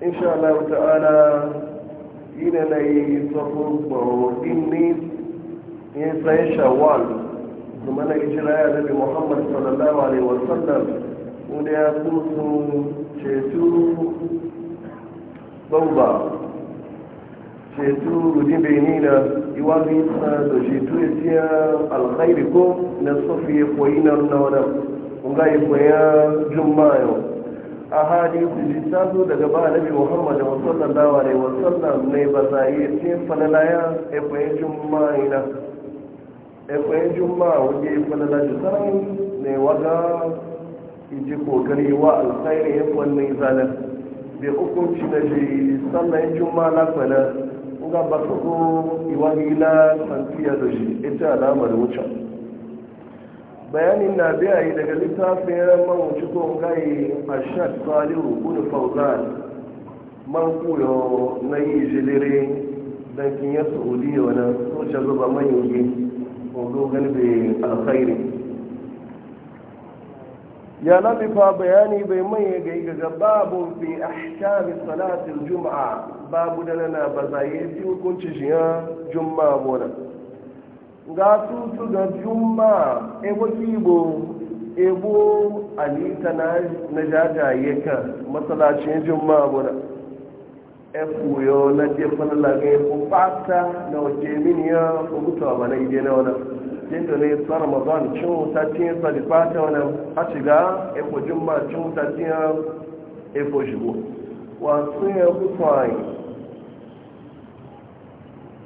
insha Allah ta'ala ina na yi tsofin gbarodin ne ya tsaye shawwal zama na ijira ya nabi muhammad sallallahu alaihi wasallam wanda ya kusu ceto bauba ceto rudin benin na iwabi sa da ceto ya tiya alkhairi ko na sofi ya koyi na wani kunga ya koya juma'a yau a hadisi daga ba nabi muhammad sallallahu alaihi wasallam ne ba za yi ce falalaya ekwayen juma ina ekwayen juma'a wanda ya falala jisani ne waga iji kokari wa alkhairi ya kwanne zanen bai hukunci na shi sannan juma na kwanar ga ba su ko iwa gila santiya da shi ita alamar wucin bayanin na biya yi daga littafin mawuci ko kai a shak salihu gudu fauzan man kuyo na yi jilire don kinyar saudiya wani soce zuba manyanki ko galibe alkhairi ya nabi fa bayani bai manye ga yi gaga babu fi ahkami salatin juma'a babu da nana ba za yi hukunci shi ya juma'a bonan ga tutu ga juma ebo kibo ebo alita na jajaye ka matsalacin juma abuwa efuyo na jefan lagaye efu fata na wace mini ya kubuta ba na ide na wani yadda ne tsara mazan cin wuta cin sa da fata wani a shiga efo juma cin wuta cin efo shigo wasu ya kusa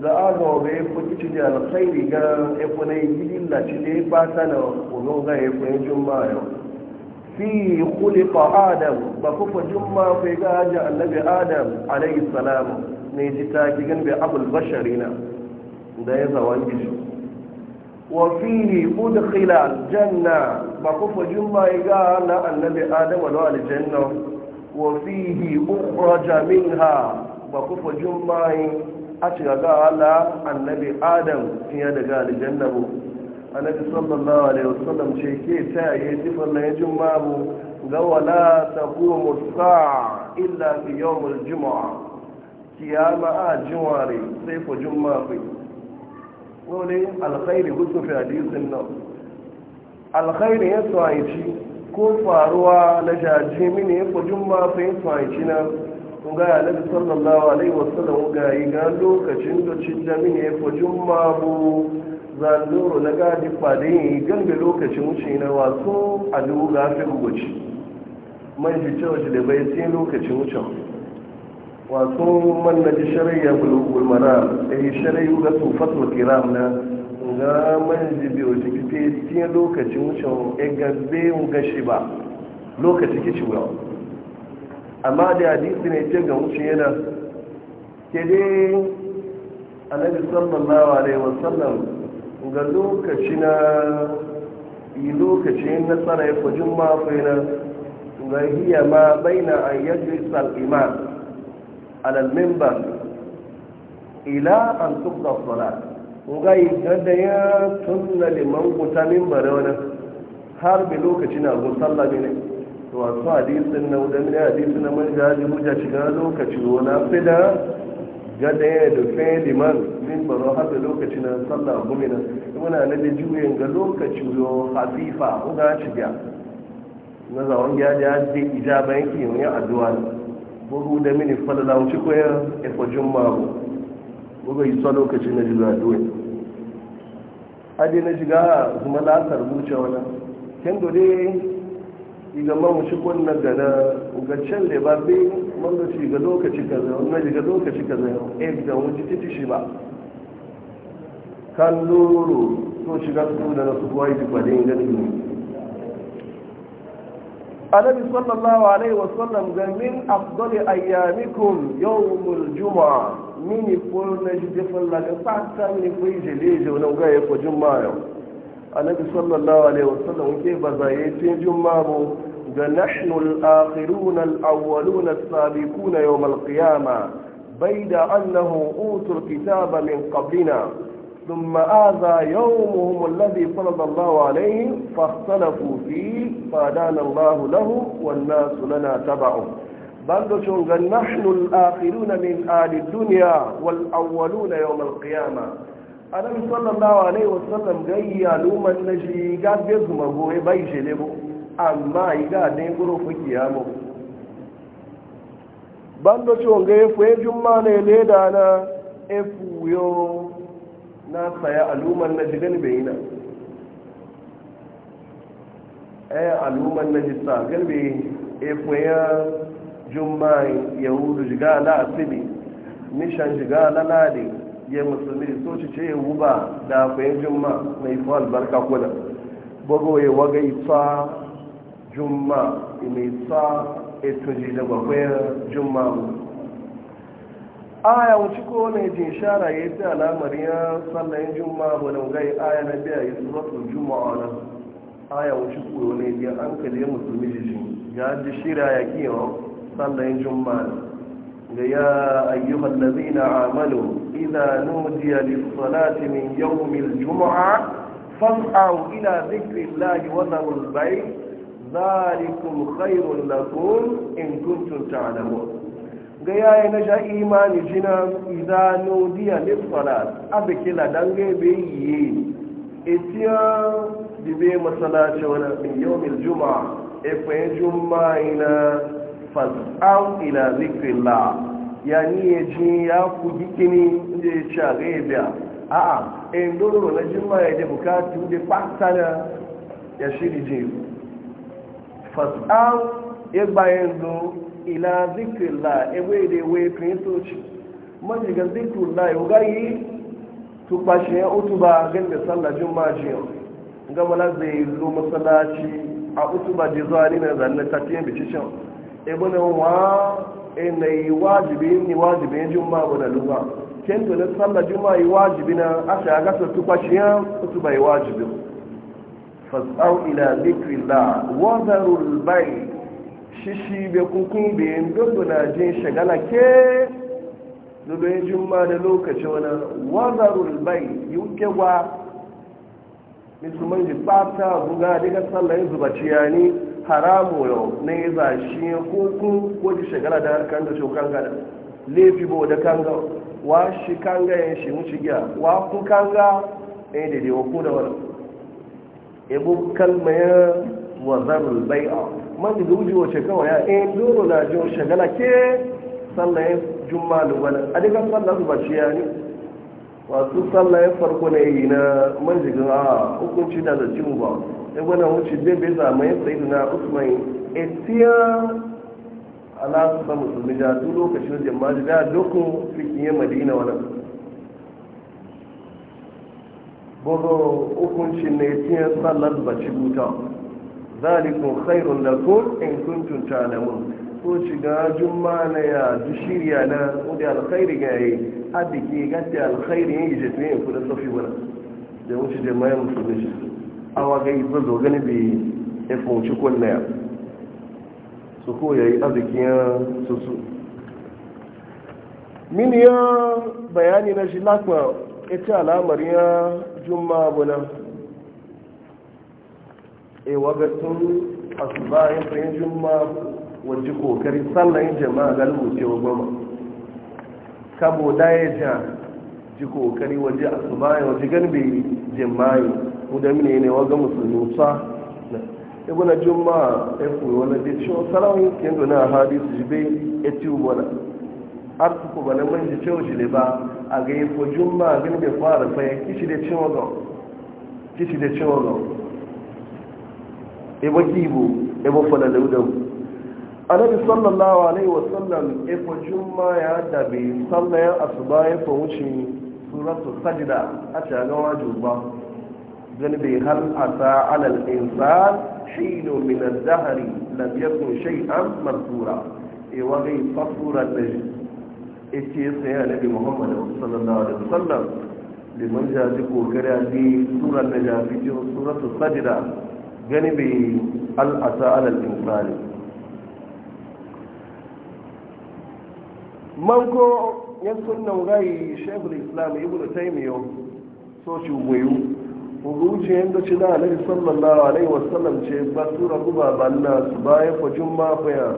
ga agawa ga ya fi cikin da alkhairi ga ya fi na yi laci da ya fata na kuma ga ya fi juma yau fi kulika adam ba kufa juma fi ga hajji annabi adam alayhi salam ne ji ta ki gan bai abul bashari na da ya zawan gishi wa fi udkhila aljanna ba kufa juma ga na annabi adam wa aljanna wa fihi ukhraja minha ba kufa juma a ci gaga ala annabi adam fiye daga aljanna bu annabi sallallahu alaihi wasallam ce ke ta yi jifar na yajin mabu ga wala ta kuma sa'a illa fi yawmul juma'a kiyama a jimare sai fa juma'a fi alkhairi gusu fi hadisin nan alkhairi ya tsayici ko faruwa na jaji mini ya fa juma'a fi tsayici nan ga annabi sallallahu alaihi wasallam ga yi ga lokacin da cin jami'i ya fi jumma bu zandoro na gadi fadin da lokacin wuce na wasu a dubu ga fi wuce man shi cewa da bai sai lokacin wucin? wasu man na ji shari'a bulugul mara da eh, yi shari'a ga tufatul kiram na ga man ji biyo shi kite sai lokacin wucen ya eh, gabe ga shi ba lokaci kici wuyawa amma da hadisi ne ce ga wuce yana ke dai nabi sallallahu alaihi wasallam ga lokaci na yi lokacin nasara ya fi jin mafai na ga hiya ma baina an yajlis al-imam ala al ila an tukka salat ga yi gada ya tunna liman guta minbar wani har bi lokaci na gusallah ne wasu hadisin na wudan ne hadisin na manja da hujja shiga lokaci wani fida ga ya da fayin liman min zo haɗa lokaci na sallah gumina muna na da juyin ga lokaci yo hafifa uga shiga na zawon ya ja da ijaba yake yin addu'a bugu da mini falala wuce koyar efojin mabu bugu isa lokaci na jila addu'a hadi na shiga kuma lasar zuciya wani kendo dai iga man shi kunna gada ga can da ba bai man ga shi ga lokaci kaza wannan shi ga lokaci kaza eh da wuce titi shi ba kan loro to shiga su da su kuwa yi kwadin gani ne annabi sallallahu alaihi wasallam ga min afdali ayyamikum yawmul juma'a mini na shi defan la ga fata mini fulje leje wannan ga ya ko juma'a yau annabi sallallahu alaihi wasallam ke baza ya ce jumma'a ga nahnu al-akhirun al-awwalun as-sabiqun yawm al-qiyama bayda annahu utul kitaba min qablina thumma aza yawmuhum alladhi farada Allah alayhi fahtalafu fi fadana lahu wan nasu lana tab'u bando chunga nahnu al-akhirun min ali dunya wal-awwalun yawm al-qiyama annabi sallallahu alaihi wasallam ga yaluman na shi ga be su magoye bai ne bo amma yi ga ne guro fuki ya mu bando ciwon ga yafu ya e jumma ne leda na ya e yo na saya aluman na jigan bai na eh aluman na jisa galbe efu e ya jumma yahudu jiga la asibi nishan jiga la ladi ya musulmi so ci ce wuba da kwaye juma mai fi albarka kuna bugu ya waga isa juma mai sa eto ji da kwaye juma mu aya wuce ko ne jin shara ya ta alamar ya sallayin juma mu da gai aya na biya ya Juma a na aya wuce ko ne ji an kalle musulmi ji ya ji shira ya kiyo sallayin juma ga ya ayyuhal ladina amalu إذا نودي للصلاة من يوم الجمعة فاسعوا إلى ذكر الله وذروا البيع ذلكم خير لكم إن كنتم تعلمون gaya na ja imani jina idanu diya lissalat abu kila dange bai yi etiya dibe masalaci wani min yawmin juma'a efe juma'a ila fas'an ila zikrilla ya ni ya ji ya ku gikini da ya ci a gaya biya a'a in eh, doro na jima ya da bukatu da kwata na ya shiri ji fas'an ya bayan zo ila zikin zikirla ebe da wai kristoci majiga la ya gari tukpashe ya utu ba gan da sallah jima ji gama na zai zo masallaci a utu ba jizuwa ne na zanne tafiyan bicishin ebe na wa ina yi wajibi ni wajibi juma bu na luba ken to na sallah juma yi wajibi na asha ga su tuka shi ya su bai wajibi fasau ila dhikrillah wa zarul bay shishi be kukun be ndondo na jin shagala ke dubin juma da lokaci wani wazarul bai yuke wa musulman ji fata buga daga sallah yin zubaciya ne haramu yau na yi zashi ya ko ji shagala da harkar da shokan gada laifi bo da kanga wa shi kanga yin shi mu shigiya wa kun kanga ya eh, yi dewa ko da wani ibu kalmayar wazarul bai'a man da zuji wace kawai ya yi eh, doro na jiyo shagala ke sallaye jumma da wani a dukkan sallar zubaciya ne wasu sallah ya farko na yi na manjigin a hukunci da zaci mu ba ya gwada wuce bebe zamayin sayidu na usman etiya eh, ala su ba musulmi da duk lokacin jama'a da dokun fikin ya madina wani bugu hukuncin na etiya sallar zaci buta zalikun khairun kun in kuntum mun ko shiga juma'a na ya shirya na kudi alkhairi ga yi abiki gadda alkhairi yin ije tun yin kudin sofi wani da wuce jama'a musulmi shi awa ga yi zo gani bi ya funci kwanna ya su ko ya yi arziki ya susu min ya bayani na shi lakwa ita alamar ya juma abuna e wagatun asuba yin tsayin juma wajen kokarin sallayin jama'a galibu cewa goma kabo da ja ji kokari waje a su baya waje garbe jimayi wadda mine ne waga musulmi ibu na juma ya wani da sarawin kendo na hadisu ji bai ya ci ubana har su kuma na manji cewa shi ba a ga yi ko juma gani bai fara faya kishi da cewa kishi da annabi sallallahu alaihi wasallam efo juma ya dabe sallayan asuba ya fa wuce suratu sajda a tagan wajen ba bai hal asa alal insan shino min ad-dahri lam yakun shay'an mazkura e wa gai surat da ite e sai annabi muhammad sallallahu alaihi wasallam liman ja ji kokari a ji surar da jafi suratu sajda gani bai al asa alal insani man ko yan sunan gai shekul islam ibn taymiyo so shi goyu hukunci yadda ci na alaihi sallallahu alaihi wasallam ce ba sura guba banna su baya ko mafaya faya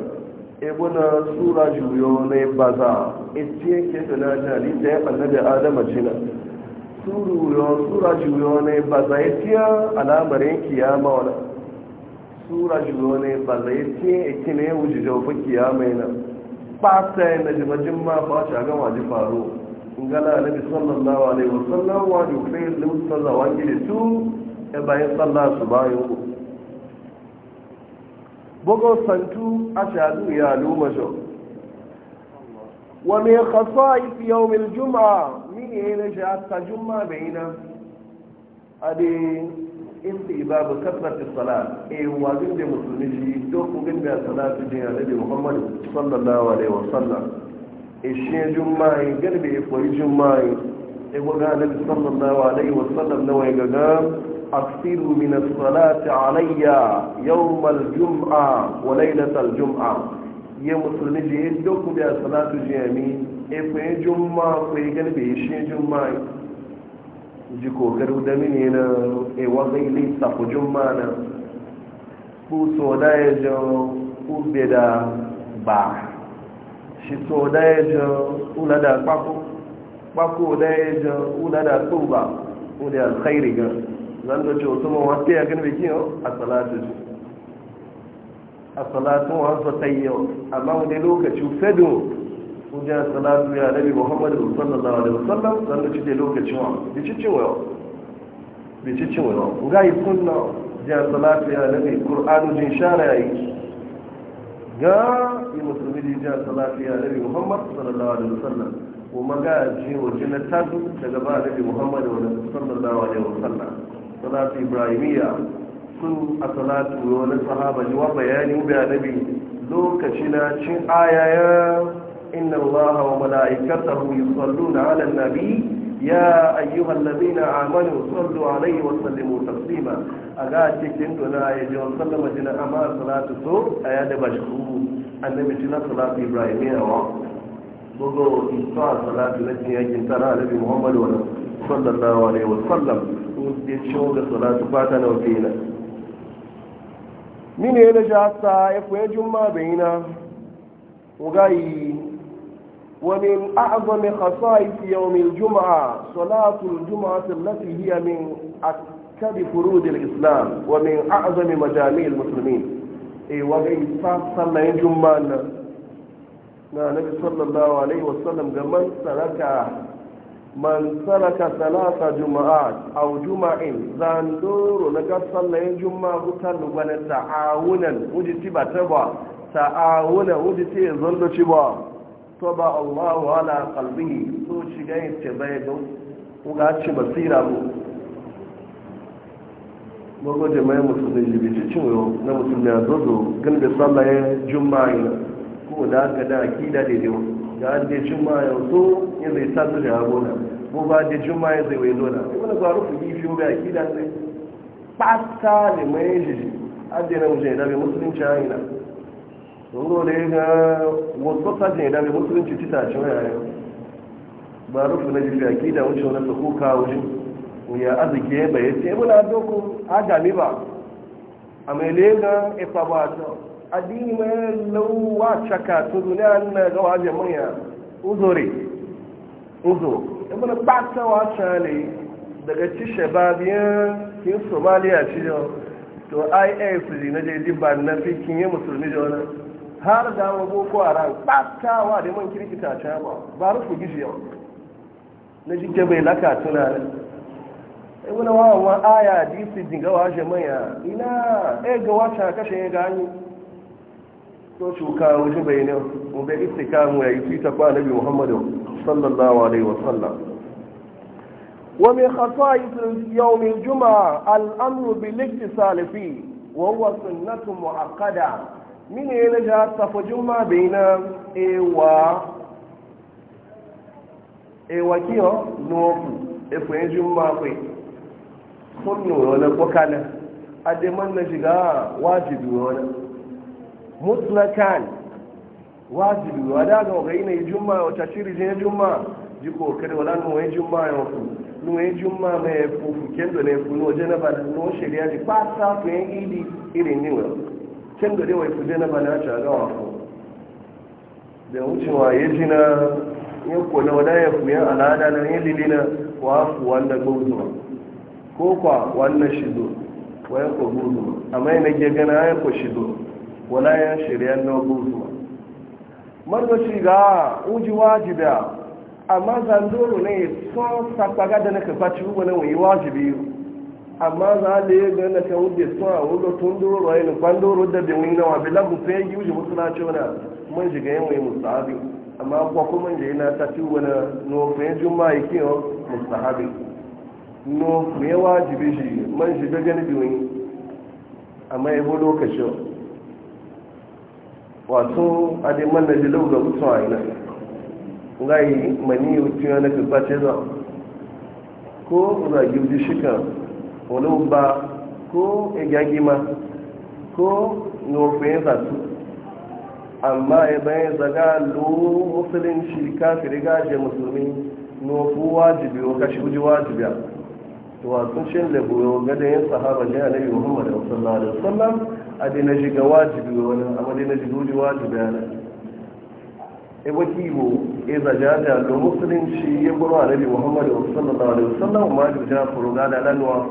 ibuna sura juyo ya baza itiye ke da na jali da ya da adama jina na sura juyo ya baza itiye alamarin kiyama wala tura juyo ne baza ya ikine wujujofa kiyama yana fata ya na jimajin ma faci a gama ji faro gana na bi sallallahu alaihi wasallam wa ju fi lu wa gidi tu e bayan sallah su bayo bugo santu a shadu ya luma jo wa min khasa'is yawm al-jum'a min yana ja ta jum'a bayna ade istibabu kasrati salat e eh, wajin da musulmi shi to ku gin da salatu jin annabi Muhammad sallallahu alaihi wasallam e shi jummai galbe e koyi jummai e eh, go ga annabi sallallahu alaihi wasallam na wai gaga aksiru min as-salati alayya yawm al-jum'a wa laylat al-jum'a ye musulmi ji to ku da salatu jin ami e koyi jumma koyi galbe shi jummai ji kokaru da mini na ewa eh, zai lisa kujin mana ku so da ya ji ube da ba shi so da ya ji ula da kwako kwako da ya ji ula da tsoba ula da khairi ga zan da ce wasu ma wasu ya gani bikin a salatu ji a salatu wasu ta yi yau amma wani lokaci fedo kuja salatu ya nabi muhammadu sallallahu alaihi wasallam dan da cike lokacin wa bi cike wa bi cike wa ga yi kunna ja salatu ya nabi qur'anu jin shara ya yi. ga yi musulmi ji ja salatu ya nabi muhammad sallallahu alaihi wasallam kuma ga ji waje na tazu daga ba nabi muhammad sallallahu alaihi wasallam salatu ibrahimiyya sun a salatu wani sahaba ji wa bayani wa nabi lokacin na cin ayayen إن الله وملائكته يصلون على النبي يا أيها الذين آمنوا صلوا عليه وسلموا تسليما أغاتي كنت لا يجي وسلم جنا أما صلاة سوء أياد بشكو النبي جنا صلاة إبراهيم أو وضو إنسان صلاة التي يجن ترى نبي محمد صلى الله عليه وسلم وزيد شوق صلاة فاتنا وفينا من هنا جاء السائف ويجمع بينا وغاي ومن أعظم خصائص يوم الجمعة صلاة الجمعة التي هي من أكثر فروض الإسلام ومن أعظم مجامع المسلمين إي وغي صلى الجمعة النبي صلى الله عليه وسلم من سلك من سلك ثلاث جمعات أو جمع زاندور لك صلى الجمعة قتل تعاونا وجتب تبع تعاونا وجتب ظل تبع toba Allah ala kalbihi so shiga yace bai ga uga ci basira mu gogo jama'a musulmi ne bici cin yo na musulmi ya zozo gan da sallah ya juma'a ko da ga da akida da dewo ga da juma'a ya so ya zai sadu da abona ko ba da juma'a ya zai wai dona kuma ga rufu yi fiyo ga akida sai pasta ne mai jiji adena mu je da musulunci ayina ruru ne ga wasu sajin idan da musulunci tita ce wani ba rufu na jifi aki da wuce wani tsako kawo shi ya arziki ya bayan ce muna doko adami ba a mai ga ifa e ba ta adini mai lauwa caka to duniya na gawa wajen manya uzore uzo ya e muna ɓata wata ne daga cishe ba biyan kin somaliya shi to is na jirgin ba na fi kinye musulmi da wani har da wa boko haram ɓatawa da man kirkita ta ba ba rufu gizi yau na jike bai laka tunanin ai wani wawan ma aya disi jingawa shi manya ina ai ga wata kashe ya gani to shuka wajen bai ne mu bai istikamu ya yi fita kwa nabi muhammadu sallallahu alaihi wasallam ومن خصائص يوم الجمعة الأمر بالاتصال فيه وهو سنة معقدة mini yana ja safa juma bina ewa ewa kiyo nofu efu yin juma kwe sunnu wani kwakana ademan na shiga wajibi wani mutlakan wajibi wani daga waga yi na yi juma wata shiri jin juma ji kokari wala nuwa yi juma ya wasu nuwa yi juma mai fufu kendo na ya funo jenaba nuwa shirya ji fata fiye idi irin niwa kin da dewai kuje na bana ta gawa ku da wucewa ya ji na ya kone wada ya kuya al'ada na ya lili na ku wanda gozuwa ko kwa wanda shido ya ko gozuwa amma yana ke gana ya ko shido wala ya shirya na gozuwa marmashi ga uji wajibi amma zandoro ne sun sakwaga da na kafa ciwo na wani wajibi amma za da ya ga na tawo da suwa wuga tun duro rai ne kwan duro da bin wina wa bilan mu sai yi wuce musu na cewa man shiga yin mai musahabi amma kuwa kuma je na ta ci wani nufin yanzu ma yi kiyo musahabi nufin yawa wajibi shi man shiga gani bin wani amma ya bo lokaci wato a dai man na ji lauga a ina ngayi mani wuce wani kirkwace za ko za a wuce shi kan olóògbà ko egagima ko nufin zatu amma idan zaga lo musulunci kafiri gaje musulmi nufu wajibi o kashi uji wajibi to a sun shin lagoro gada yin sahaba ne a nabi muhammad sallallahu alaihi a dai na shiga wajibi wani amma dai na shiga uji wajibi a nan lo musulunci ya buru a nabi muhammad sallallahu alaihi wasallam ma da jafuru da lanuwa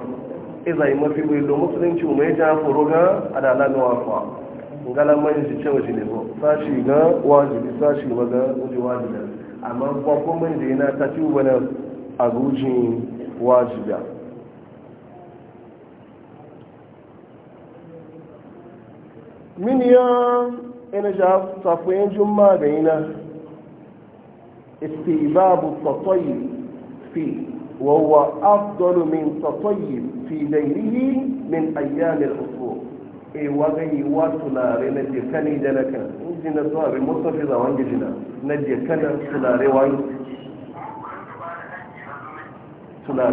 iza yi mafi bai lo musulunci mu ya jan foro ga adala na wafa ngala mai shi cewa shi ne ko sashi ga wajibi sashi ma ga uji wajibi amma kwa ko mai da yana ta ci ubana a gujin wajibi min ya ina ja safoyin juma'a ga yana istibabu tatoyi fi وهو أفضل من تطيب في ديره من أيام الأسبوع e wagai wasu lare na jekani da na kan inji na zuwa bai mustafi za wani jina na jekani tulare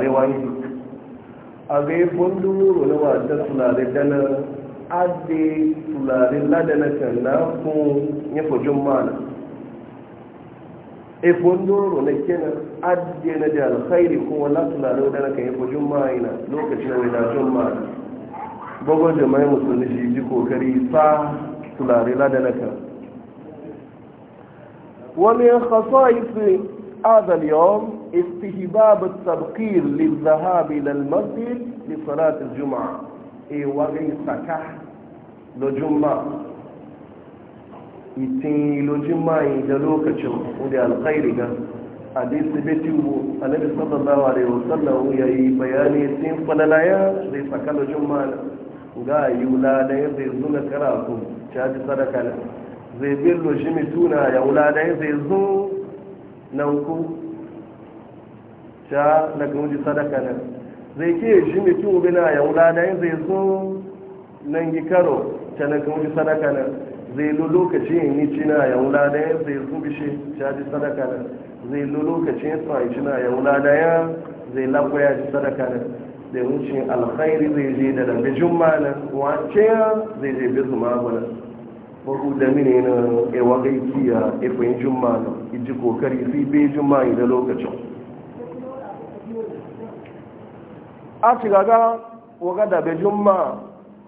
wani a ga yi fundu wata tulare da na adi tulare lada na kan na kun efon doro na kenan adiyana da alkhairi kuma na tunanin wadana kan yafi juma'a lokacin da na juma'a da jama'in musulmi shi ji kokari sa tunanin ladana kan wani khaso isi azal yawon isi hibabu sabkir li zahabi lalmasi li salatu juma'a e, a wani saka da juma'a itin ilojin mayi da lokacin wadda alkhairi ga hadisi betiwu annabi da alaihi wasallam ya yi bayani sun falalaya zai saka lojin mayi ga yi wuladai zai zuna karatu caji sadaka ne zai bin lojin mituna ya wuladai zai zun nan ku ca na kanji sadaka ne zai ke shi mitu bina ya wuladai zai zun nan gi karo ca na kanji sadaka ne zai lo lokacin yin yi cina ya wula da ya zai zubi shi caji sadaka da zai lo lokacin ya tsaye cina ya wula da ya zai ya ji sadaka da da wuce alkhairi zai je da dambe jumma nan wace ya zai je bi zuma bana baku da mini na ewa gaiki ya efayin jumma nan iji kokari fi be jumma yi da lokacin a ci gaga waga da bai jumma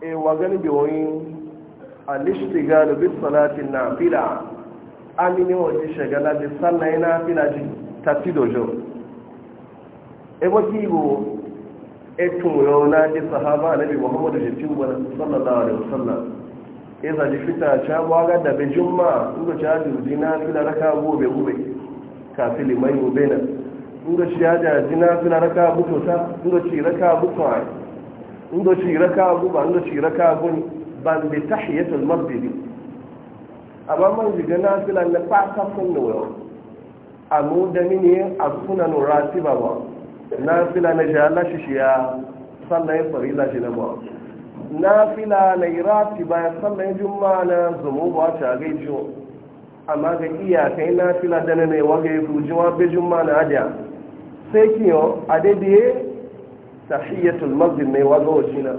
ewa gani bai alishtigalu bi salatin nafila amini waje shagala bis sallai nafila ji tati dojo ebo kibo etun rauna ji sahaba nabi muhammad ji tuba sallallahu alaihi wasallam iza ji fita cha waga da be juma ngo cha ji nafila raka gobe gobe mai go be na ngo shi ya dina nafila raka buto sa ngo ci raka buto ai ngo ci raka ba ngo ci raka guni ban bi tahiyatul masjid amma man jiga na fila na fata kun da wayo mu da mini a suna sunan ratiba ba ba. na fila na na shishiya sannan ya farila shi na ba na fila na ba ya sallan juma na zumu ba ta gaijo amma ga iyakai na fila da na ne waga ya fujiwa be juma na ajiya sai kiyo a daidai tahiyatul masjid ne wazo shi na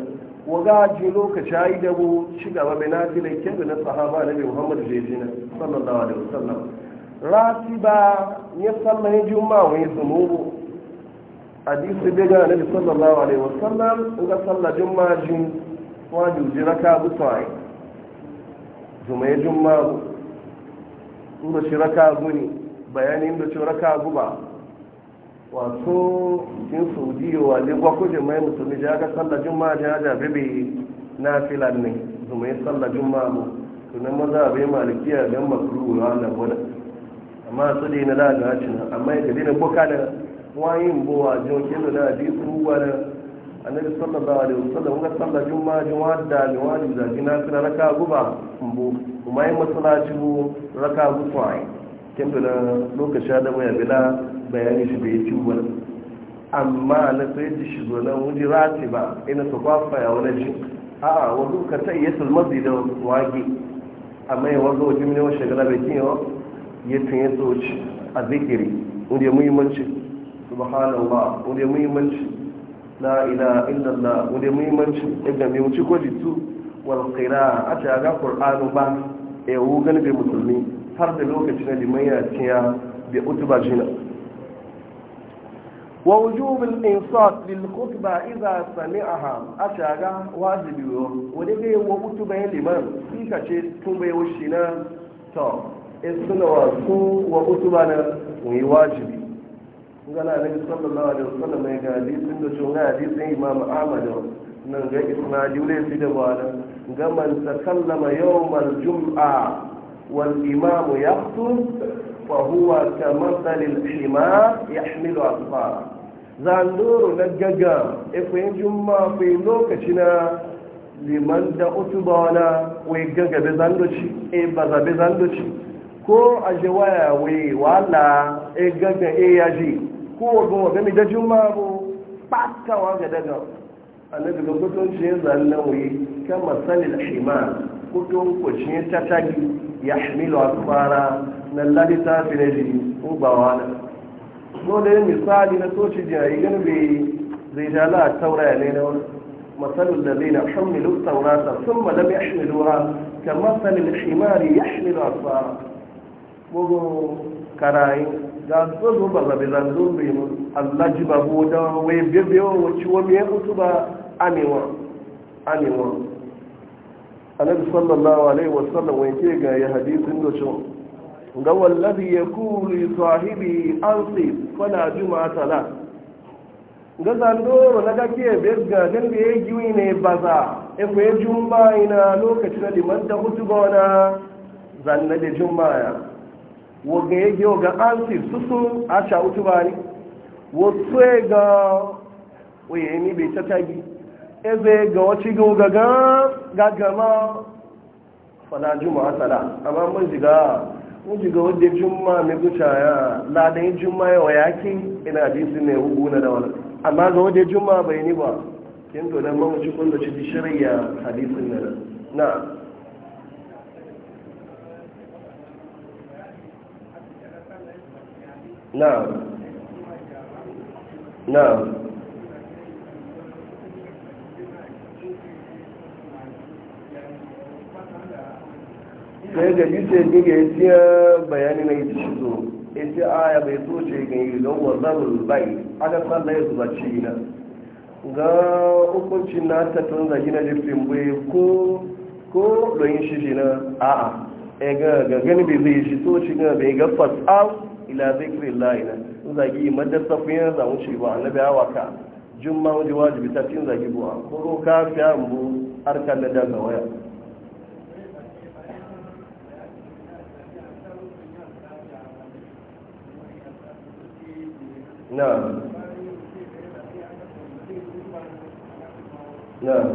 waga ji lokaci ya yi dabo shi gaba mai nafilan kebe na sahaba na bai muhammadu jejina sallallahu alaihi wasallam rati ba ya sallan juma'a wani zunubu hadisi bai gana nabi sallallahu alaihi wasallam ga sallah juma'a jin wani jira ka buta juma'a juma'a ura shi raka guni bayanin da shi raka guba wato jin saudiya wa ne kwa kuje mai musulmi ji aka sallar juma'a ji na filan ne zuma yi sallar juma'a mu tunan maza a bai malikiya don makuru na wannan wani amma su dai na laga hacin amma ya gabi na boka da wayin bowa jokin na ji kuwa da annabi sallar ji na raka guba kuma yi masalaci raka gufa da lokaci bila bayani shi bai ci wani amma na sai ji shi zo nan wuri rati ba ina su kwafa ya wani shi a'a wasu ka ta iya sulmazi da wage amma ya wazo wajen ne wa shagala bai kiyawa ya tunye tsoci a zikiri wanda ya muhimmanci subhanallah wanda ya muhimmanci la ilaha illallah wanda ya muhimmanci ibn mai wuce ko jitu wal qira'ati ga qur'anu ba e gani bai musulmi har da lokacin da liman ya tiya bi utuba jina wàwùjúbi insọ́t lìlùkútùbà ìzà sàmì àhàm aṣàgá wájìbì wọ́n wọ́n dé wọ́n kútù bẹ́ẹ̀ lèman tí kàṣẹ tún bẹ́ẹ̀ wọ́n ṣì náà tọ̀ ẹ̀sùn náà tún wọ́n kútù bá náà wọ́n yí wájìbì ngana ne sallallahu alaihi wasallam ne ga di sun da sunna di sun imam ahmad nan ga isma diule fi da wala ga man sallama yawmal jum'a wal imam yaqtu وهو كمثل الحمار يحمل أسفارا زاندور نجاجا إفين جمع في لوكتنا liman da utubana wai gaga zandoci e baza zandoci ko a waya wai wala e gaga e yaji ko wago ga mi da juma bu patta wa ga daga annabi ga kutun shi zanna wai kama salil himar kutun ko shi tatagi yahmilu asfara na lalita fi na ji ubawa na so da yin misali na soci jirayi gani bai zai ja a taura ya na wani matsalin da zai na hamilu taurata sun ma lam yahmilu ha ka matsalin shimari yahmilu asfara bugun karayi ga zozo ba zabe zanzo bai mu allah ji ba bu da wai bibiyo wacce wani ya mutu ba amewa amewa annabi sallallahu alaihi wasallam ke ga ya hadisin da cewa ga wallazi yaqulu kuri sahibi alsi fala juma'a la ga zandoro na kake bezga dan da ya giwi ne baza e ko ya jumma ina lokacin da liman da hutuba wana zanna da jumma ya wo ga ya ga alsi susu a cha hutuba ne wo tsoye ga oye ni bai tatagi eze ga wace ga gagama fada juma'a asara. amma mun jiga mun jiga wadda juma mai guca ya ladan juma ya wa yakin ina isi na hugu na da wani amma ga wadda juma bai ni ba kin to dan mun ci kun da ci shirya hadisin ne na na na sai da bisa sai ga ya bayani na yi shi zo ita aya ah, bai so ce ga yi don wazarul bai aka sallah ya zuba ci na ga hukuncin na ta tun zagi na jifin bai ko ko don yin shi shi na a'a e ga ga gani bai zai shi so ci ga bai ga fasal ila zikirin la'ina sun zagi madarsa fiye da wuce ba annabi hawa ka jumma wajibi ta cin zagi buwa ko ka fiya mu harkar na daga waya نعم نعم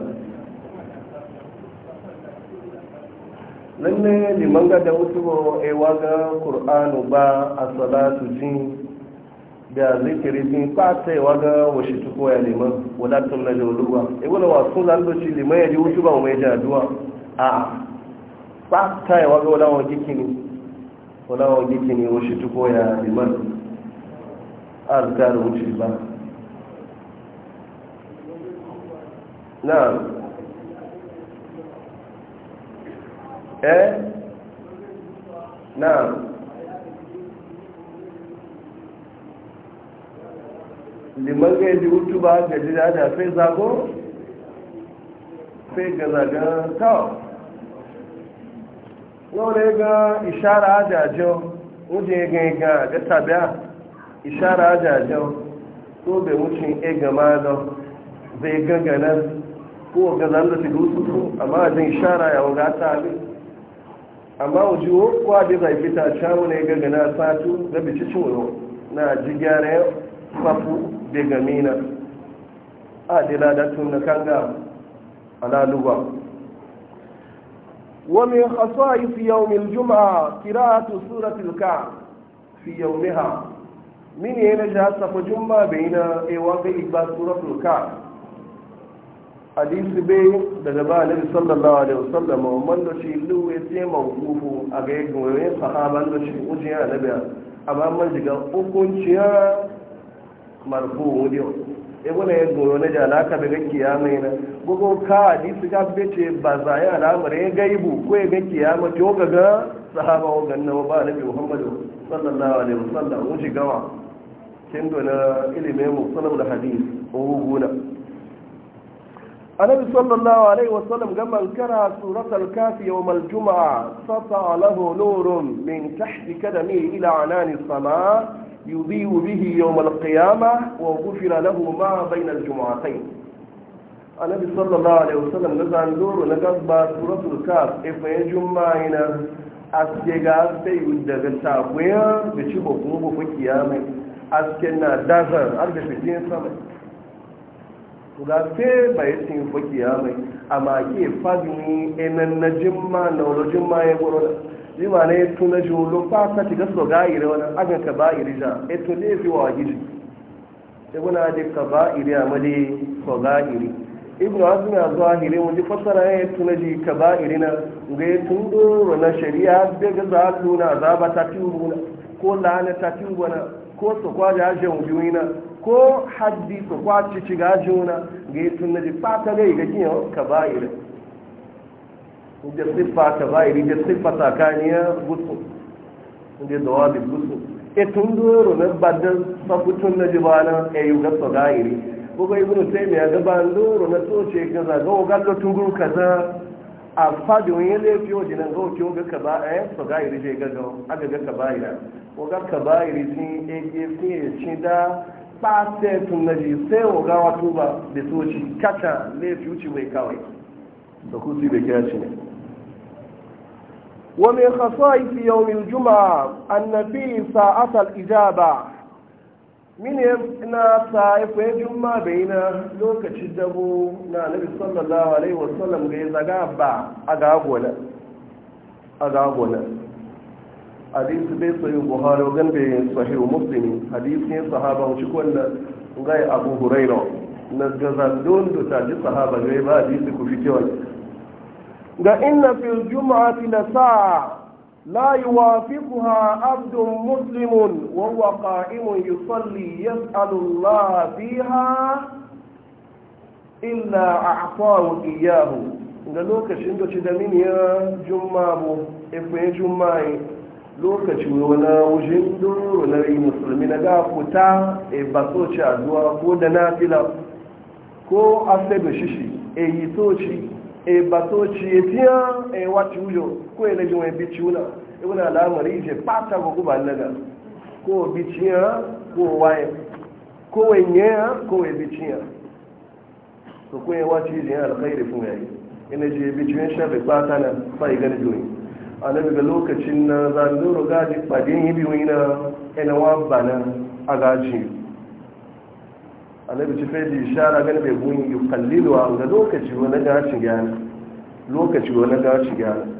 lalle liman ga da wutubo a e waga ƙur'anu ba a salatu jin da zikiri jin kwata a waga washe liman wadatun na da oluwa e wala wasu laloci liman ya ji wutuba mai jaduwa a kwata ya waga wadawa ya liman azkar wuce ba na eh na liman ga yi hutu ba ga jira da fai zago fai ga zagen kawo lọ́rẹ́ gan ìṣára ishara ajajen so bai mucin e gama da zai gangana ko ga zan da tilu su amma a jin ishara ya wuga ta bi amma wuji wo kwa da zai fita shawo ne gangana satu da bici ciwo na ji gyara ya fafu da gamina a dila da tun na kanga alaluwa ومن خصائص يوم الجمعة sura سورة الكعب في يومها min yana ja safa jumma bai na ewa bai ba suratul ka hadisi bai daga ba na sallallahu alaihi wasallam man da shi luwe sai mawqufu a ga yin e wayoyin e sahaban da shi uje ya nabi wudi e ya e goro na jala ka daga kiyama yana gogo ka hadisi bai ce ba za ya gaibu ko ya ga kiyama to ga sahaba ganna ba bi muhammadu sallallahu alaihi wasallam wuce gawa kendo na ilimin musulun da hadis uguna annabi sallallahu alaihi wasallam ga man kara surat al-kafi yawm al-jum'a sata lahu nurun min tahti kadami ila anani sama yudhi'u bihi yawm al-qiyamah wa ghufira lahu ma bayna al-jum'atayn annabi sallallahu alaihi wasallam ga zan doro na gaba surat al-kaf e fa jum'a ina aske ga sai daga sabuya da ci ba kuma ba kiyamai asken na dazan har da fitin sama ga fe bai sin faki ya mai amma ke fadini enan na jimma na wani jimma ya gwaro da jimma na ya tuna jolo ka ti gaso ga iri wani agan ka ba iri da e to ne fi wa gidi Ya guna da ka ba iri a made so ga iri ibn azmi a zahiri wani fasara ya tuna ji ka ba iri na ga ya tun doro na shari'a da ga za a tuna ba ta tuna ko lanata tingona ko su kwaji ajiyar juyina ko haddi su kwaci ci gajiyuna ga yi tun naji fata gai ga giyan ka bayiri da siffa ka bayiri da siffa tsakaniyar gusu da zawabi gusu etun doro na badan sabutun naji ba na ayu e ga su gayiri bugai ibn taymiya ga ban doro na soce ga zaga ga tunguru kaza amfani wani laifi wajen nan gawo kiwon gaka ba a yanzu ga iri su gaga aga gaka ba ya kaba ira ba iri kaba irije ake fiye ci da ɓata tun na ji sai wa gawa tuba da su soci kata laifi wuce mai kawai da kusi da kira ci ne wani ومن خصائص yau الجمعة juma'a annabi ساعة ijaba mine na sa ya kwaye juma bai na lokacin dabo na nabi sallallahu alaihi wasallam ga ya zaga ba a gagona a gagona hadisi bai sayi buhari wajen bai sahi wa musulmi hadisi ne sahaba wuce kwanda gai abu huraira na gazandon da ta ji sahaba gai ba hadisi ku fi kyau ga inna fil juma'a fi na sa'a لا يوافقها عبد مسلم وهو قائم يصلي يسأل الله فيها إلا أعطاه إياه ga lokacin da ci ya juma efe ife juma yi lokaci wani wujin doro na yi musulmi na e ba a zuwa ko da na fila ko a sai shishi e yi e bato a tiya e wati ujo ko ele jo e biciuna ije wala la ba je pata go kuba laga ko biciya ko waye ko wenye ko e ya. ko e kwa wati je ya khair fu yayi ina e je e biciya ya nshafe pata na fa e gani lokacin na gaji yi biyu annabi ci fai da ishara gani bai gun yi kallilu a ga lokaci wani gashi gani lokaci wani gashi gani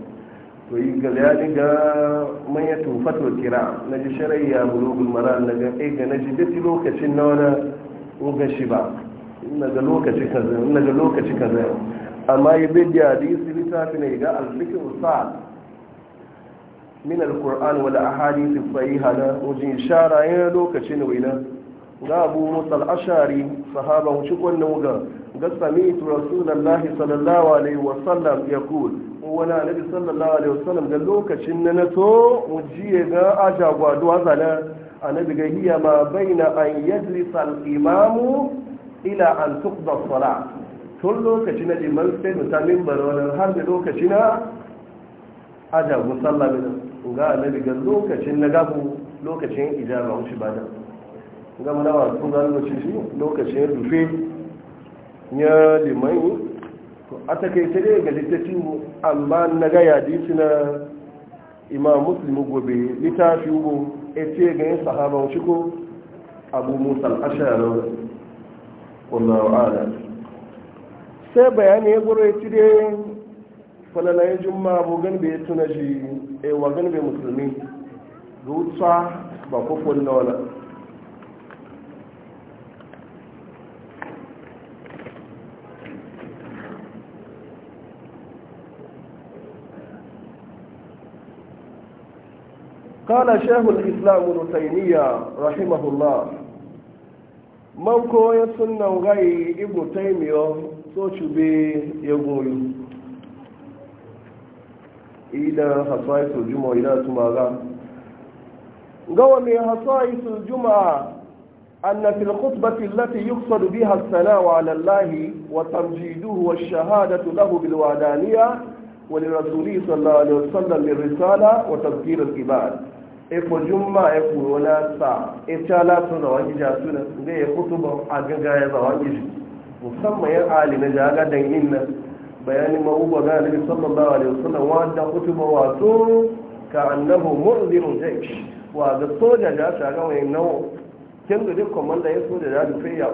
to yi ga yani ga manya tufato kira na ji sharayya bulugul mara na ga ai eh, ga na ji duk lokacin na wani uga shi ba na ga lokaci kaza na ga lokaci kaza amma yi bai da hadisi littafi ne ga alfikin sa'ad min alkur'an wal ahadith sahiha na wajen ishara yana eh, lokacin wina ga abu musal ashari sahaba wuce kwanan ga ga tu rasulallahi sallallahu alaihi wasallam ya kul wani alabi sallallahu alaihi wasallam da lokacin na na so mujiye ga aja a zana annabi ga hiya ma baina an yajlisa sal imamu ila an tuqda as-salat tun lokacin da liman sai mutamin baronan har da lokacin na aja musalla ga annabi ga lokacin na gabu lokacin ijaba wuce ba da gam da wasu zan shi lokacin rufe dufe ya limai to a takaice dai ga littafi amma na gaya yadisi na imam muslim gobe littafi ugbo ya ce ga yin sahaban shi ko abu musa al'asharar wallahu ala sai bayani ya gura ya ci dai falalayen jumma abu ganbe ya tuna shi ewa eh, ganbe musulmi rutsa ba kofin na wani قال شيخ الإسلام ابن تيمية رحمه الله من كو يسنى غي ابن تيمية سوشو بي يقول إلى خصائص الجمعة إلى تماغا قوى من خصائص الجمعة أن في الخطبة التي يقصد بها الثناء على الله وتمجيده والشهادة له بالوعدانية ولرسوله صلى الله عليه وسلم للرسالة وتذكير العباد epo juma epo wala sa ita la tuna wani jasu na ga ya kutuba a gaga ya za wani shi musamman ya ali na jaga dan yin nan bayanin mabuwa ga nabi sallallahu alaihi wasallam wanda kutuba wato ka annahu mu'zirun jaysh wa ga soja da ta ga wani nawo kin da duk komanda ya soja da da fiya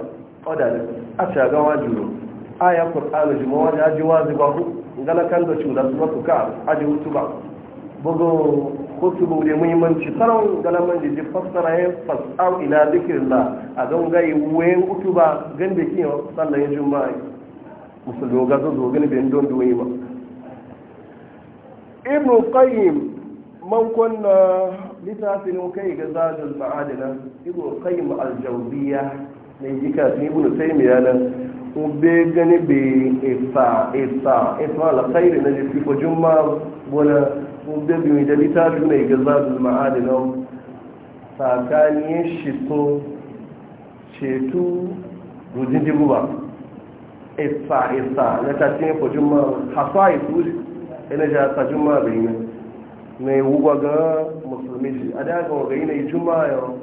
oda da a ta ga wajuro aya qur'anu juma'a da ajiyar wazi ba ku ngala kan da shuda su ka aji kutuba bugo ko su bude muhimmanci sarau galaman man jiji fassara ya fasau ila da a don gai wayan utu ba gan da kiyo sallan juma'a musulmi ga zo zo gani bin don duwaye ba ibnu qayyim man kunna littafin kai ga zadul ma'adina ibnu qayyim al-jawziyya ne jika ibnu taymiya nan be gani be efa efa efa alkhairi na jiski fo jumma bona be bi mi dali mai gaza da ma'adi na sakani shi so cetu rujin jibu ba efa efa na ta tin fo jumma hafa isu ina ja sa jumma be ne ne wuga ga musulmi ji ada ga ga ina jumma yo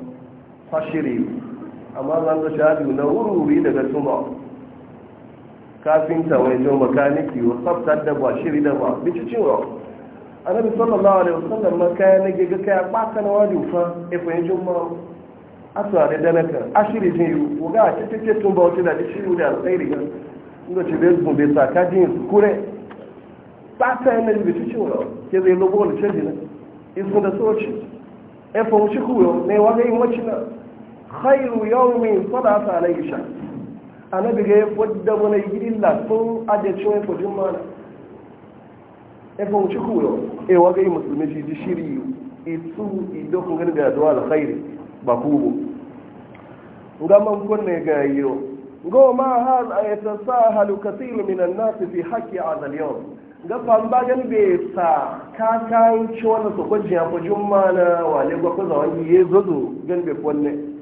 fashiri amma zan ga shahadu na wuri daga tuma kafinta wani jo makaniki wa tsaftar da ba shiri da ba bi cikin wa annabi sallallahu alaihi wasallam ma ne na gega kaya ba ka na wani fa e fa yanjo ma aswa da danaka ashiri jin yu ga a cikin cikin ba wata da shi da alkhairi ga inda ce bai zumbe bai ka jin kure ba ta ne bi cikin wa ke zai lobo ne ce na isu da soci e fa wuce kuyo ne wa ga yin wacin khairu yawmin sadata alaihi sha'a annabi ga wadda wani gidi lafin adacin ya kwajin mana ya fahimci kuro e waga yi musulmi shi ji shiri isu ido kun gani da zuwa alkhairi ba kubo ga man kunne ga yau goma ma hal sa kathiru min minan nasu fi haƙi a al-yawm ga famba gani sa kakayin kan ci wannan sokon jiya fujin mana wale gwakwazawa yi ya zozo gani be kwanne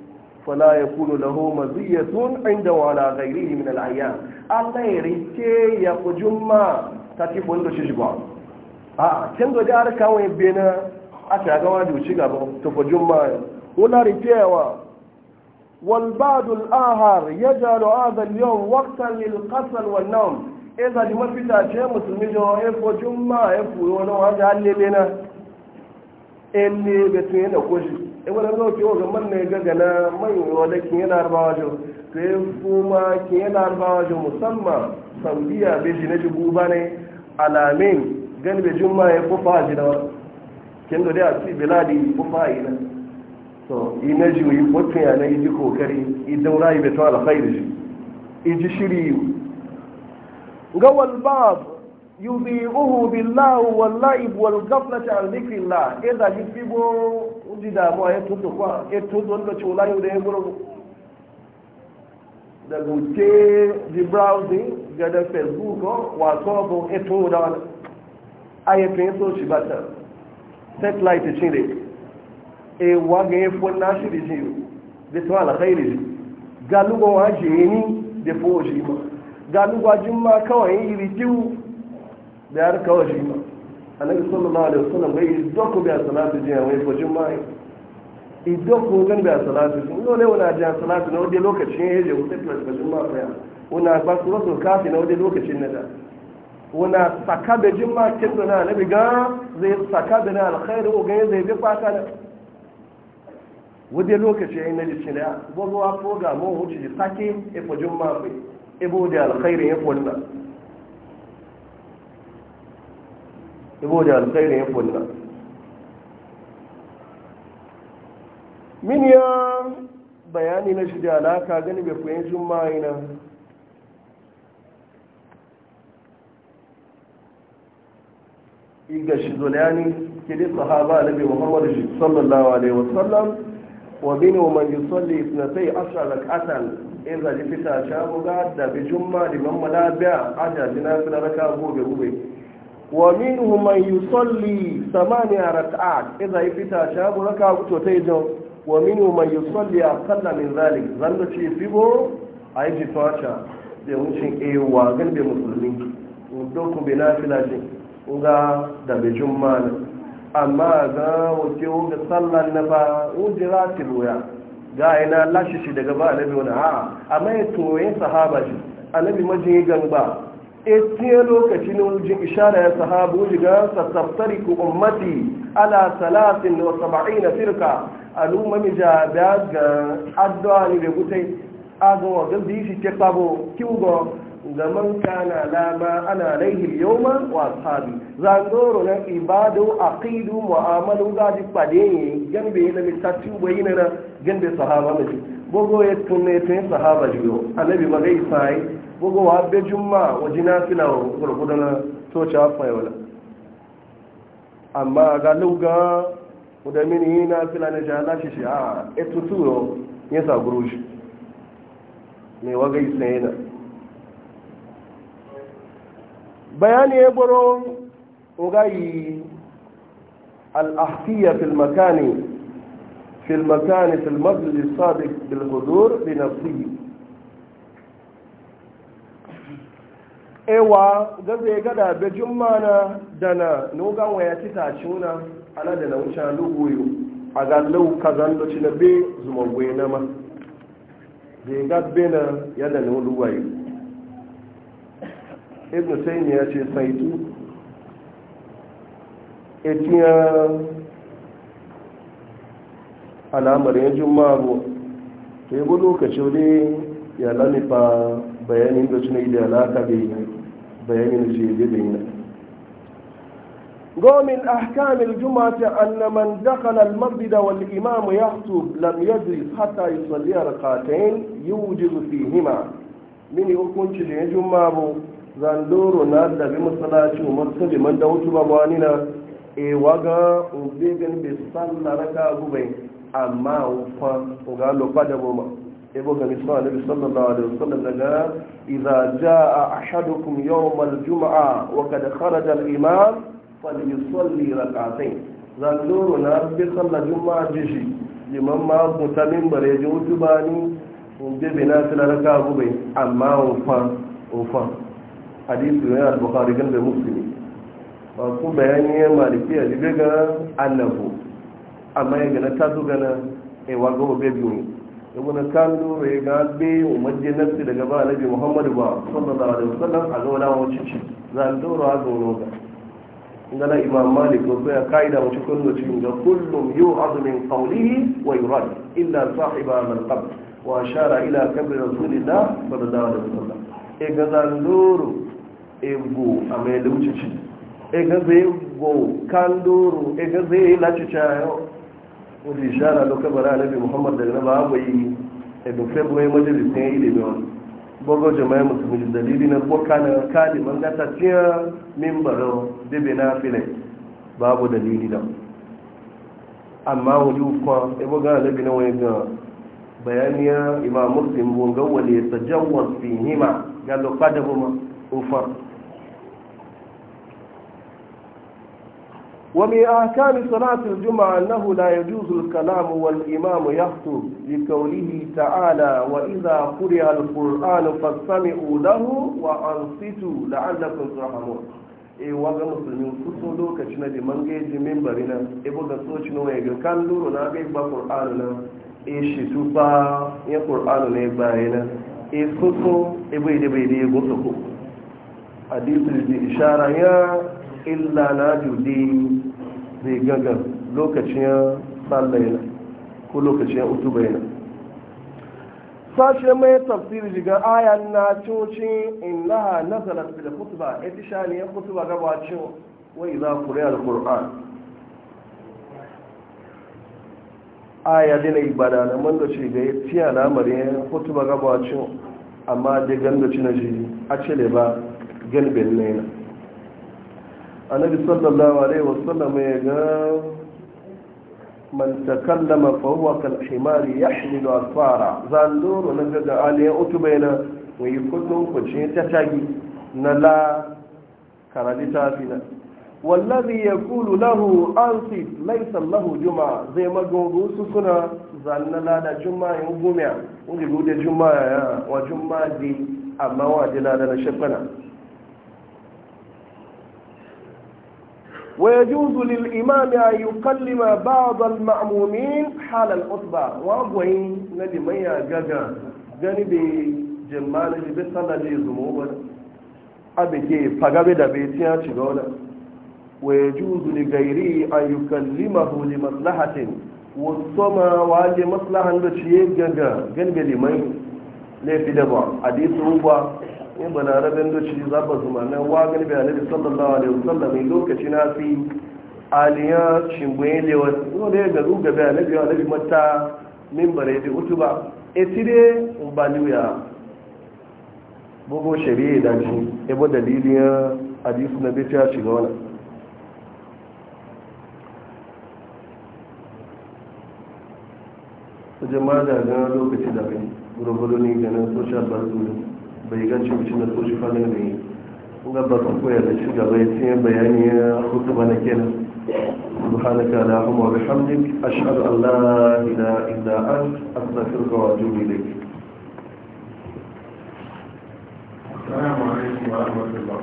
فلا يكون له مزية عنده ولا غيره من الأيام الله يريكي يقجم تتيب وندو شجبا آه كندو جار كاوين بينا أتا جو شجبا تفجم ولا ريكيوا والبعض الآخر يجعل هذا اليوم وقتا للقصر والنوم إذا لم في تاجه مسلمين جو يفو جمع يفو يونو هذا اللي بينا اللي بتوين ibada zo ki ga man ne ga gana yi wala kin yana arbawa jo sai kuma kin yana arbawa jo musamman saudiya bai shi na jibu ba ne alamin bai jin ma ya kufa a da kin dai a ci biladi kufa ina to ina ji yi wato ya na yi kokari yi rai be shi alkhairi ji iji shiri ga wal bab يضيئه بالله واللعب والغفلة la, idan الله fi جسبه ji damuwa ya tuzo kwa ya tuzo wanda ce wula yau da ya gurgu da gute di browsing ga da facebook oh, wato abu ya da wani fi so shi ba ta satellite shi ne e waga ya fi na shi da shi da tuwa alkhairi shi galugon waje ni da fo shi ma kawai yi rikiu da har kawai shi ma annabi sallallahu alaihi wasallam bai jiya wai mai idan ko gan da salatu sun yau ne wani ajiyar salatu na wajen lokaci ya je wuce filasfashin masu ya wani ba su rasu kafi na wajen lokaci na da wani saka da jin ma kitso na nabi ga zai saka da na alkhairu ga gani zai bi fata na wajen lokaci ya yi na jikin da gwagwa ko ga mu wuce ji sake ifo jin ma fi ibo da alkhairin ya fulna ibo da alkhairu ya fulna min ya bayani na shi da alaka gani bai kuyen juma'i nan. iga shi zulani kiri sahaba nabi muhammadu shi sallallahu alaihi wasallam wa bin wa man yusalli isnatai ashar rak'atan in zaji fita shabuga da bi juma da man malabiya aja jina suna raka gobe gobe wa min man yusalli samaniya rak'at in zaji fita shabuga ka to tai jan wa minu man yusalli aqalla min zalik zanda ce fibo ai ji mun da wucin ewa gan be musulmi doku be nafila ji uga da be jummana amma ga wace uga sallan na ba ujira tilwaya ga ina lashe shi daga ba alabi wani ha amma ya toye sahaba shi alabi majin gan ba e tiye lokaci ne wujin ishara ya sahabu jiga sassaftari ku ummati ala salatin wa na firka al'umma mi ga addu'a ne da gutai agawa ga bi man lama ana wa za na ibadu aqidu mu'amalu ga ji pade yin gambe na mi tatu bayina na gambe sahaba e ne ya tunne sahaba ji yo annabi ma gai sai wa be da mini yi na fila na jala shi shi a ah, etutu yau ya sa guru shi mai waga isa yana bayani ya boro ugayi al'ahtiya fil makani fil makani fil majlis sadiq bil hudur li nafsihi ewa gaza ya gada bejin mana dana nugan waya ci tacuna ana da na wuce luguyo a ga lau kazan da ci na be goyi na ma da ga be na ya na na luwayo ibn sayni ya ce saitu etiya al'amar ya juma'a ta yi bu lokaci wani ya lanifa bayanin da suna yi da alaka bai bayanin da shi yi da yi ومن أحكام الجمعة أن من دخل المسجد والإمام يخطب لم يجلس حتى يصلي ركعتين يوجد فيهما من يكون شيء جمعة زندور نال دبي مصلاة ومرسل من دوت باباننا e waga ubegin bi salla raka gubai amma ufa uga lokpa da boma e bo ga misal nabi sallallahu alaihi wasallam daga idza jaa ahadukum yawm al-jum'a wa qad kharaja al-imam falisalli rakatai zandoro na bi ma juma'a jishi liman ma kuta mimbare ji wutu ba ni bebe na tilaraka gube amma ofan ofan hadisi ne al-bukhari gan da muslimi ba ku bayani ya maliki a jibe ga annabu amma ya gana tasu gana ewa ga obe biyu ne ibn kando ya ga be umarje nafsi daga ba alabi muhammadu ba sallallahu alaihi wasallam a ga wala wuce ci zandoro a zaunoga. عندنا إمام مالك ربنا قائدة وتكون وتكون كل يوعظ من قوله ويراد إلا صاحب من قبل وأشار إلى كبر رسول الله صلى الله عليه وسلم إذا نور إبو أميل وتشين إذا إبو كان دور إذا لا تشاهد وإشارة لكبر النبي محمد صلى الله عليه وسلم أبو يي إبو فبو يمجد bogo jama'i musulmi dalili na boka na kadi man gata tiya min baro debe na file babu dalili da amma wani e ebo gana labi na wani ga bayaniya imam muslim bunga wale ta jawar fi hima ga ومن أحكام صلاة الجمعة أنه لا يجوز الكلام والإمام يخطب لقوله تعالى وإذا قرئ القرآن فاستمعوا له وأنصتوا لعلكم ترحمون e waga musulmi su sun lokaci na liman gaji membari e buga soci na waya kan duro na ga ba qur'anu na e shi tufa ya qur'anu ne baye na e soso e bai da bai da go soko hadisi ishara ya illa na juli zai gagar lokacin tsallaina ko lokacin yana sashe mai tafsiri jiga ayan na cocin innaha nazarar da kutuba ya fi sha ne ya kutuba gabacin wai za ku rai Alkur'an? quran aya dina ibada na mangaci, da ce ga ya ci alamarin kutuba gabacin amma da ganda ci na shi a cile ba galibin nena annabi sallallahu alaihi wasallam ya ga man takallama fa huwa kal himari yahmilu asfara zandoro na ga da aliyan utubaina wa kullun ku ta tagi na la karalita ta fina wallazi yaqulu lahu ansi laysa lahu juma'a zai magogo su kuna zanna la da juma yau gumiya ungi gude juma'a ya wa juma di amma wa dilala na shafana ويجوز للإمام أن يكلم بعض المأمومين حال الخطبة وأبوين نبي ميا جاجا جانب جمال جبه صلى أبي جي فقابي دبيتيا تشغولا ويجوز لغيري أن يكلمه لمصلحة والصمى واجي مصلحة بشيء جاجا جانب لمن ليه في دبا حديث روبا ne balarabin doci za ba zuma nan wagan bai da sallallahu alaihi wasallam lokaci na fi aliyar shimbayin lewa wanda ya garu ga biya alabi alabi mata min bare da hutu ba e tire in ba liya bugo shari'a da shi yabo dalilin hadisu na bai shiga wani jama'a da ganin lokaci da bai gurgudu ganin social bai ganci mutum da soji fannin da yi ga bakon koya da shi gaba ya tiyan bayani ya hutu mana kenan سبحانك اللهم وبحمدك أشهد أن لا إله إلا أنت أستغفرك وأتوب إليك السلام عليكم ورحمة الله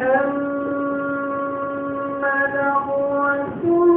محمد رسول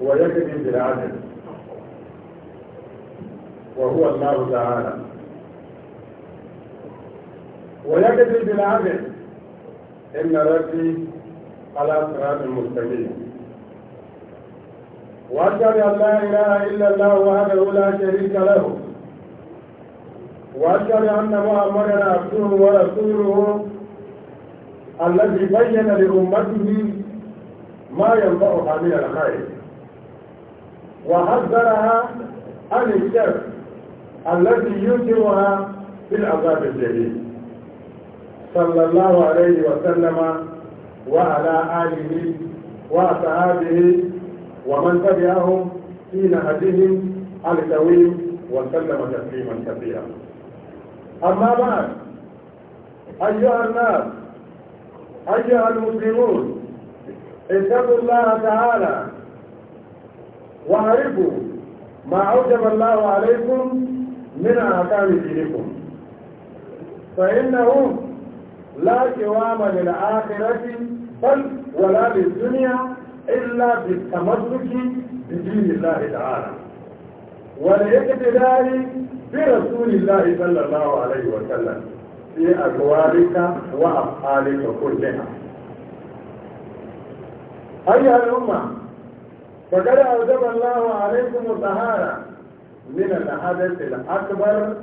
ويجري بالعدل وهو الله تعالى ويجري بالعدل إن ربي على صراط المستقيم وأشهد أن لا إله إلا الله وحده لا شريك له وأشهد أن محمدا عبده ورسوله الذي بين لأمته ما ينفعها من الخير وحذرها عن الشر الذي يوجبها في العذاب الجليل صلى الله عليه وسلم وعلى آله وأصحابه ومن تبعهم في نهجهم الطويل وسلم تسليما كثيرا أما بعد أيها الناس أيها المسلمون اتقوا الله تعالى واعرفوا ما أوجب الله عليكم من أحكام دينكم فإنه لا قوام للآخرة بل ولا للدنيا إلا بالتمسك بدين الله تعالى والاقتدار برسول الله صلى الله عليه وسلم في أقوالك وأفعالك كلها أيها الأمة فقد أوجب الله عليكم الطهارة من الحدث الأكبر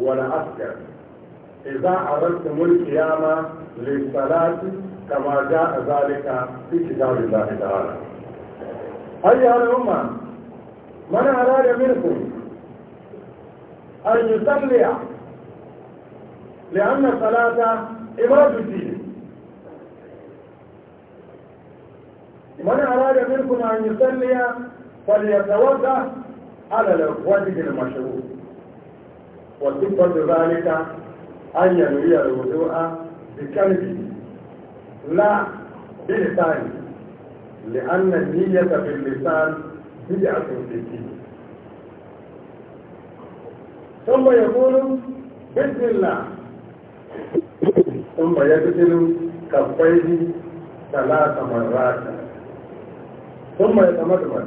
والأصغر إذا أردتم القيامة للصلاة كما جاء ذلك في كتاب الله تعالى أيها الأمة من أراد منكم أن يصلي لأن الصلاة الدين من أراد منكم أن يصلي فليتوضأ على الوجه المشروع وصفة ذلك أن ينوي الوضوء بكلمه لا بلسانه لأن النية باللسان بدعة في الدين ثم يقول بسم الله ثم يبذل كفيه ثلاث مرات ثم يتمرمر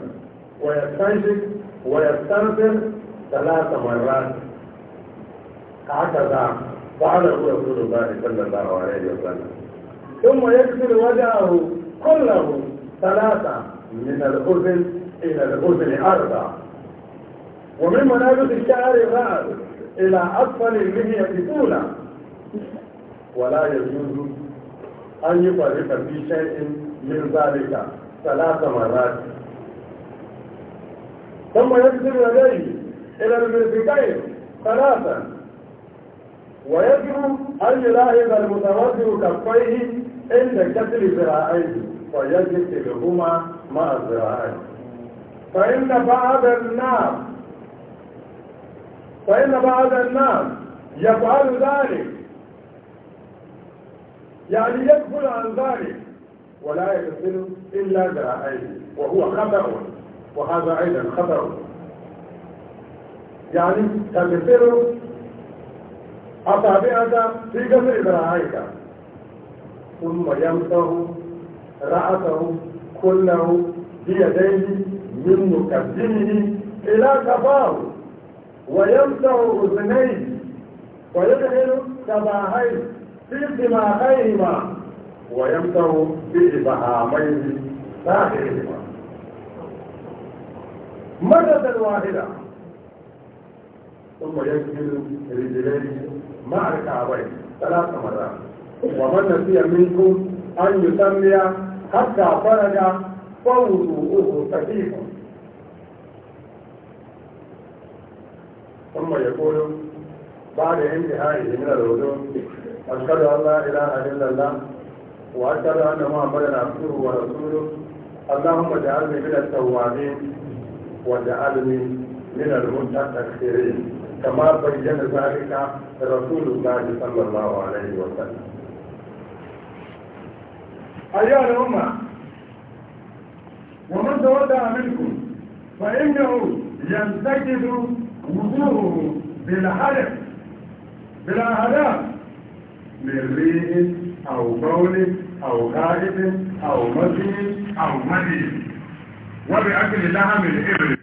ويستنشق ويستنفر ثلاث مرات هكذا فعله رسول الله صلى الله عليه وسلم ثم يكسر وجهه كله ثلاثة من الأذن إلى الأذن أربعة ومن منابت الشعر الرأس إلى أسفل اللحية طولا ولا يجوز أن يفرق في شيء من ذلك ثلاث مرات ثم يكسر يديه إلى المرفقين ثلاثا ويجب أن يلاحظ المتوضئ كفيه عند كسر ذراعيه ويجسلهما مع الذراعين فإن بعض الناس فإن بعض الناس يفعل ذلك يعني يكفل عن ذلك ولا يتصل إلا ذراعيه وهو خطأ وهذا أيضا خطأ يعني تغسل أصابعك في غسل ذراعيك ثم يمسه رأسه كله بيديه من مقدمه إلى كفاه ويمسه أذنيه ويدخل سباحيه في دماغيهما ويمسه بإبهامين ساخرهما مرة واحدة ثم يسجد رجليه مع الكعبين ثلاث مرات ومن نسي منكم أن يسمي حتى فرج فوضوءه سخيف ثم يقول بعد انتهائه من الوضوء أشهد أن لا إله إلا الله وأشهد أن محمدا عبده ورسوله اللهم اجعلني من التوابين واجعلني من المتأخرين كما بين ذلك رسول الله صلى الله عليه وسلم أيها الأمة ومن تودع منكم فإنه ينتقد وجوهه بالحلف بالأهداف من ريح أو بول أو غائب أو مزي أو مدي وبأكل لحم الإبل